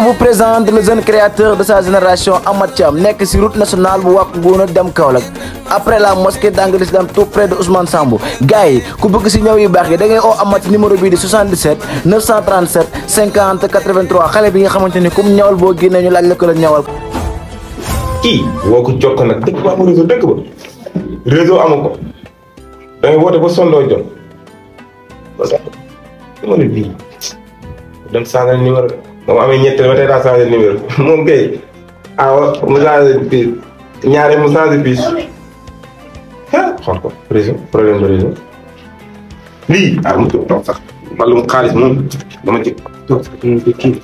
vous présente le jeune créateur de sa génération Amad Thiam nek ci route nationale bu Wack Ngouna dem Kaolack après la mosquée d'Angle Islam tout près de Ousmane Sambo gay ku bëgg ci ñëw yu bax yi da ngay o Amad ci numéro bi di 77 937 50 83 xalé bi nga xamanteni kum comme ñawal boo génnee ñu laaj la ko la ñawal ki woko jokk nak dëkk ba am réseau dëkk ba réseau amuko da ngay wote ba sondoo jot parce que numéro bii dem saagal numéro ba mu amee ñett ma tey daa changé numéro moom kay awa ah, mu changé piis ñaare mu changé piis xool ko réseau problème de réseau lii ah mu toog sax wàllum mu ngi kii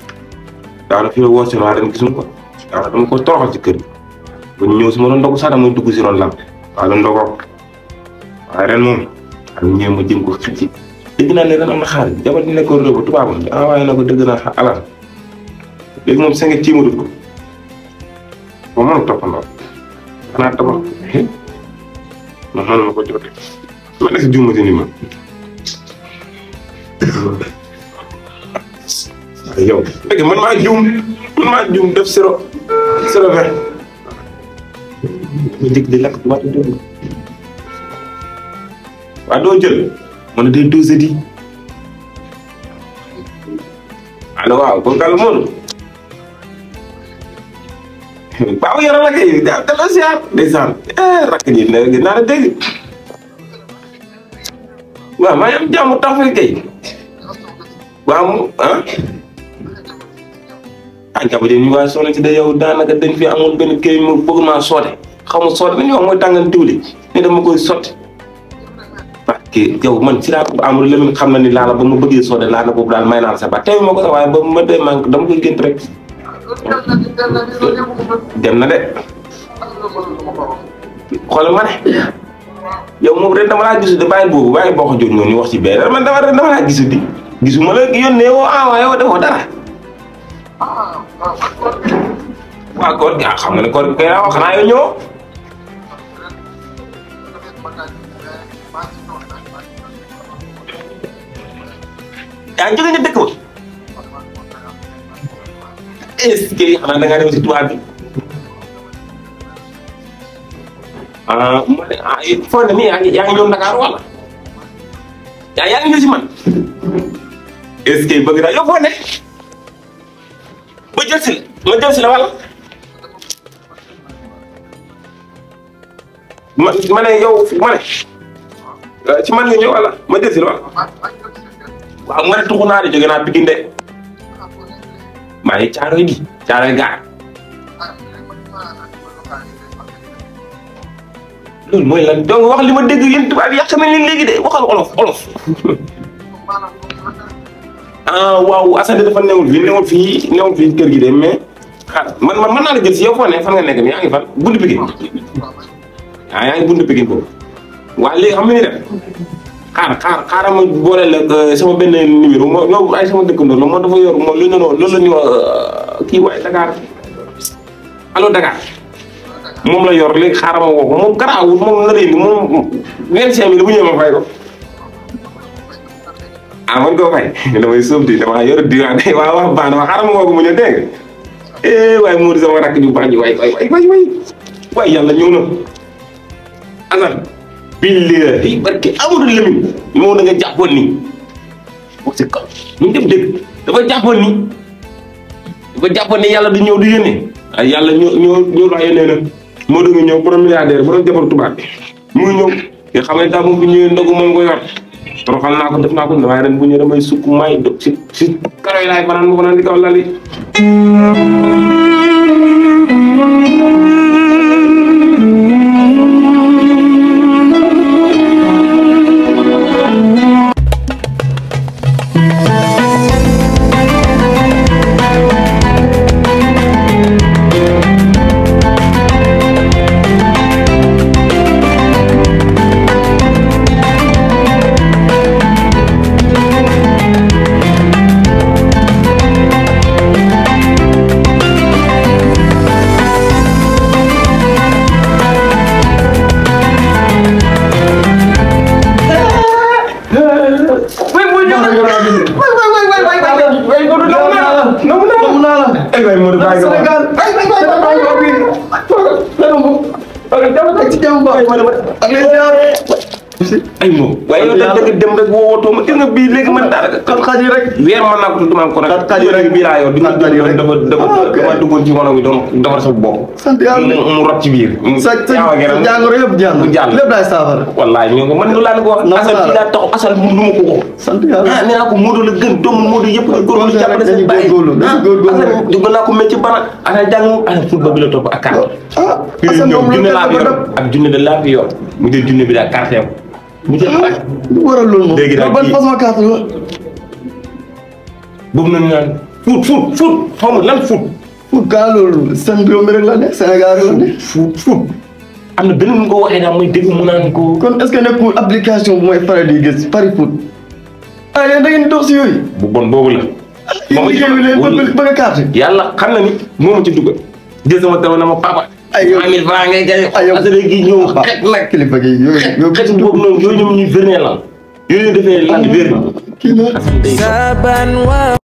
daanaka fi ma woo si ko daanaka dama ko toroxal ci kër gi ñëw si ma doon ndogu sax damay dugg si ron làmp waaw la ndogoo waaye ren moom am ñëw ma jëm ko xëcc dégg naa ne ren am na xaalis jabar di nekkoon réew ba tubaabam envoyé na ko dëgg naa alal léegi moom Senghor tiimalut ko moom mënul toppandoo xanaa tabax man mënuma ko jotee man nag juumati ni ma yow léegi man maa juum man maa juum def zéro zéro vingt ñu doo jël man day dosé di alors waaw kon kàlla baaw yaram la kay da la ziar ndeysaan eh rakk ji na gën naa la dégg waaw maa ngi am jàmm tawfeex kay waaw mu ah waa soxna si de yow daanaka dañ fi amul benn kii mu bëgg maa soote xaw ma soote dañuy wax mooy tàngal diwli ne dama koy sot parce que yow man si laa amul lëmin xam na ni laala ba ma bëggee soote laala boobu daal may naa la sa ma ba ma dee maa dama rek. dem na de xoolal ma ne yow moom ren dama laa gisu di bàyyi boobu bàyyi boo ko jot noonu ñu wax ci benn man dama ren dama laa gisu di gisu ma la yónnee woo envoyé woo defoo dara waaw koor gi ah xam nga ne koor gi kay laa wax xanaa yow ñëw yaa ngi jóge est-ce que xanaa da ngaa dem si tubaab bi ah ma ne ah ngi yaa Dakar wala ya ya ngi ñëw si man est-ce que bëgg naa yow foo ne ba jël si la ma jël si la wala ma ma ne yow ma ci man nga ñu wala ma jël si la wala wa ma ne di naa de jóge bàyyi caaroy gi caaroy gaar loolu mooy lan donc wax li ma dégg yéen tubaab yi yàq na leen léegi de waxal olof olof ah waaw Assane dafa newul newul fii newul fii kër gi de mais xaaral man man mën naa la jël si yow ne fan nga nekk yaa ngi fan buntu Pikine ah yaa ngi buntu Pikine boobu waaye léegi xam nga ni def xaar xaar xaar ma boole la euh, sama benn numéro moo loolu ay sama dëkkandoo la moo dafa yor moom lu ñu loolu la ñu euh, kii waaye Dakar allo Dakar moom la yor léegi xaaral ma woo ko moom garaawul moom la léegi moom vingt-cinq mille bu ñëwee ma fay ko. ah man koo fay damay suuf eh, sama rakk ju baax ji waay waay waay waay waay na Assane. billahi barki amul lëmin moo da nga jàppoon ni si kaw mu dem dëgg dafa jàppoon ni dafa jàppoon ni yàlla du ñëw du yónnee ay yàlla ñoo ñoo ñoo wax yónnee moo da ñëw borom milliardaire borom jabar tubaab bi mu ñëw nga xam ne daa moom bu ñëwee ndogu moom ko yor toroxal naa ko def naa ko waaye ren bu ñëwee damay sukk may do si si di kaw ci jàmm bu baax. si ay moom waaye yow da nga dem rek woowatoo ma gis nga bii léegi man daanaka kat xaji rek weer man naa ko tudd maa ko rek kat xaji rek bii laa yow dafa dafa dafa duggoon ci wono bi doon defar sa bopp jangan yàlla jangan. rot ci biir sa jàngoro yëpp jàng jàng lépp daay saafara wallaahi ñu ko man lu laa ko wax asal bi daa taxaw asal mu ma ko ko sant yàlla ah nee naa ko Modou la gën doomu Modou yëpp nga góor ñu jàppale jangan, bàyyi asal dugg naa ko métti barak ana jàng ana football bi la topp ak carte ah asal moom la ak junne de laa fi yor mu jël junne bi daa carte mu jël xaaj loolu moom léegi nag ban façon carte la. boobu nañu naan foot foot foot xaw ma lan foot. foot kaa loolu la ne Sénégal rek la ne. foot am na benn nu ko waxee daal muy dégg mu naan ko. kon est-ce que nekkul application bu may faral di gis pari foot. ah yéen da ngeen di si yooyu. bu bon boobu la. moom it ma yéen liggéey bi léegi bëgg yàlla xam na ni moom ma ci dugal. jël sama taw na ma papa. aywa mille francs ngay gañ aywa parce que gi